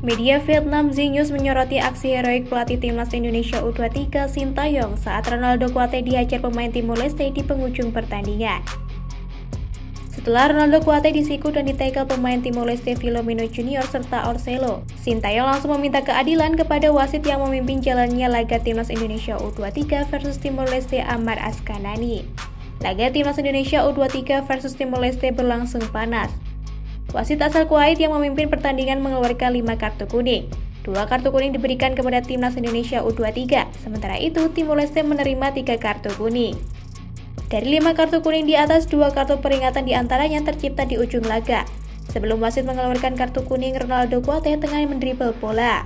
Media Vietnam News menyoroti aksi heroik pelatih timnas Indonesia U23 Sintayong saat Ronaldo Kuate dihajar pemain Timor Leste di penghujung pertandingan. Setelah Ronaldo Kuate disiku dan ditekel pemain Timor Leste Filomeno Junior serta Orselo, Sintayong langsung meminta keadilan kepada wasit yang memimpin jalannya laga timnas Indonesia U23 versus Timor Leste Amar Askanani. Laga timnas Indonesia U23 versus Timor Leste berlangsung panas. Wasit asal Kuwait yang memimpin pertandingan mengeluarkan 5 kartu kuning. Dua kartu kuning diberikan kepada timnas Indonesia U23, sementara itu Timor Leste menerima tiga kartu kuning. Dari lima kartu kuning di atas, dua kartu peringatan di diantaranya tercipta di ujung laga. Sebelum wasit mengeluarkan kartu kuning, Ronaldo Kuate tengah mendribel bola.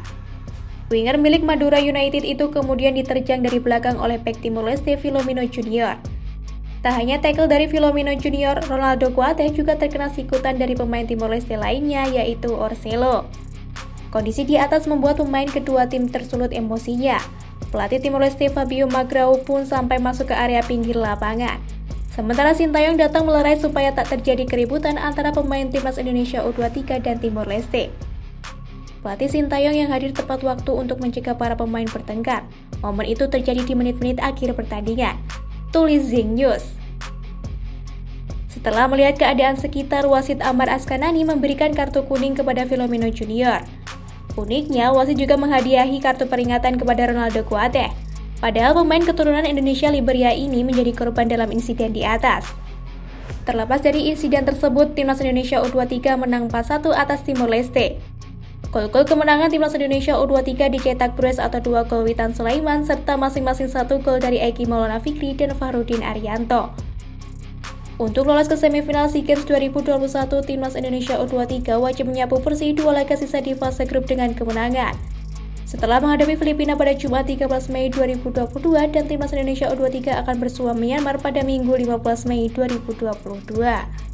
Winger milik Madura United itu kemudian diterjang dari belakang oleh Pek Timur Leste Filomeno Junior. Tak hanya tackle dari Filomeno Junior, Ronaldo Guate juga terkena sikutan dari pemain Timor Leste lainnya yaitu Orselo. Kondisi di atas membuat pemain kedua tim tersulut emosinya. Pelatih Timor Leste Fabio Magrao pun sampai masuk ke area pinggir lapangan. Sementara Sintayong datang melerai supaya tak terjadi keributan antara pemain timnas Indonesia U23 dan Timor Leste. Pelatih Sintayong yang hadir tepat waktu untuk mencegah para pemain bertengkar. Momen itu terjadi di menit-menit akhir pertandingan tulis Zing News. Setelah melihat keadaan sekitar, wasit Amar Askanani memberikan kartu kuning kepada Filomeno Junior. Uniknya, wasit juga menghadiahi kartu peringatan kepada Ronaldo Kuate. Padahal pemain keturunan Indonesia Liberia ini menjadi korban dalam insiden di atas. Terlepas dari insiden tersebut, timnas Indonesia U23 menang 4-1 atas Timur Leste. Gol-gol kemenangan timnas Indonesia U23 dicetak Bruce atau dua gol Witan Sulaiman serta masing-masing satu gol dari Eki Maulana Fikri dan Fahrudin Arianto. Untuk lolos ke semifinal SEA Games 2021, Timnas Indonesia U23 wajib menyapu bersih dua laga sisa di fase grup dengan kemenangan. Setelah menghadapi Filipina pada Jumat 13 Mei 2022 dan Timnas Indonesia U23 akan bersuah Myanmar pada Minggu 15 Mei 2022.